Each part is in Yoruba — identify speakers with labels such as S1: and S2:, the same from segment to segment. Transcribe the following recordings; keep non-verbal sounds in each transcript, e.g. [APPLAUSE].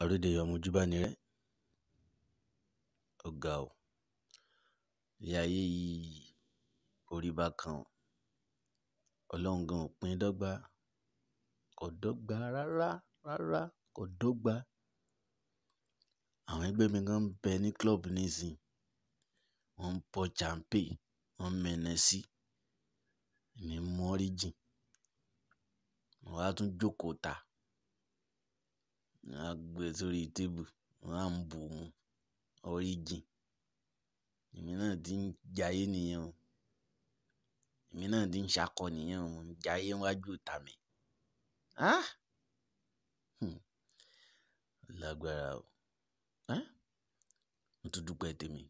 S1: àrédèrè hmm. ọmọjúbánirẹ́ ọ̀gá ò ilé ayé yìí orí bá kan ọlọ́run gan ò pín dọ́gba kò dọ́gba rárá rárá kò dọ́gba àwọn ẹgbẹ́ mi gan ń bẹ ní club nísìn wọ́n ń pọ champagne wọ́n ń mẹ́nẹ sí ní mú origin mo wá tún jókòó tà á, mo wá gbé e sórí tébù, mo wá ń bù mu origin. Èmi náà ti ń jayé nìyẹn o. Èmi náà ti ń ṣákọ nìyẹn o, ń jayé wájú ìta mi. Ah! Hmm. Ó lágbára o. Mo tún dúpẹ́ tèmi.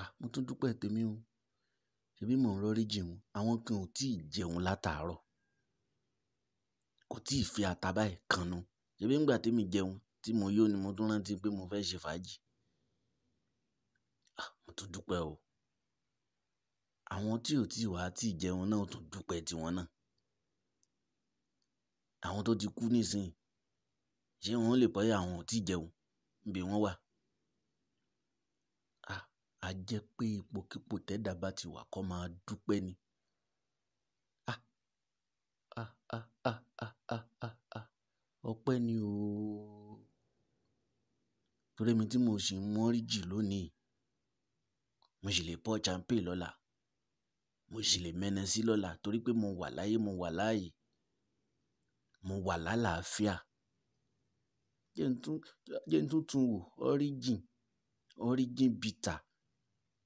S1: Ah! Mo tún dúpẹ́ tèmi o. Ṣèbí mò ń rọ́rí jìn o. Àwọn kan ò tí ì jẹun látàárọ̀ tí ì fi ata báyìí kànnu. Ṣèbí nígbà tí èmi jẹun tí mo yó ni mo tún rántí pé mo fẹ́ ṣe fàájì. Ah! Mo tún dúpẹ́ o. Àwọn tí ò tí wá tí jẹun náà ó tún dúpẹ́ ti wọn náà. Àwọn tó ti kú nísìnyí, ṣé wọn ò lè pé àwọn ò tí jẹun níbi wọ́n wà? Ah! A jẹ́ pé ipò kípò tẹ́dà bá ti wà kó máa dúpẹ́ ni. pẹ́ ni ooo. Torí èmi tí mo sì ń mu orange lónìí, mo sì lè pour champagne lọ́la. Mo sì lè mu Hennessy lọ́la torí pé mo wà láyé, mo wà láàyè, mo wà lálàáfíà. Jẹ́ n tún, jẹ́ n tún tún wò orange, orange bitter.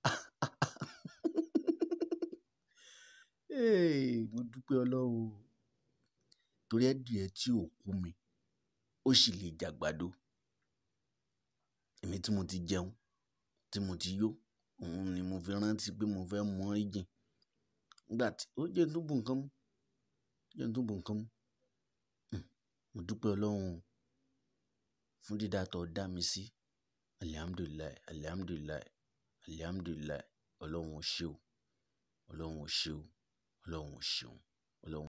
S1: [LAUGHS] Mo dúpẹ́ Ọlọ́run o. Torí ẹ̀díẹ̀ tí ò kú mi ó sì lè jàgbàdo. Èmi tí mo ti jẹun, tí mo ti yó, òun ni mo fi rántí pé mo fẹ́ mu orijin. Nígbà tí ó jẹ́ ń tún bu nǹkan mú, jẹ́ ń tún bu nǹkan mú. Hhm, mo dúpẹ́ Ọlọ́run fún dídá tó dá mi sí. Alhamdulillah, Alhamdulillah, Alhamdulillah. Ọlọ́run o ṣe o. Ọlọ́run o ṣe o. Ọlọ́run o ṣeun. Ọlọ́run.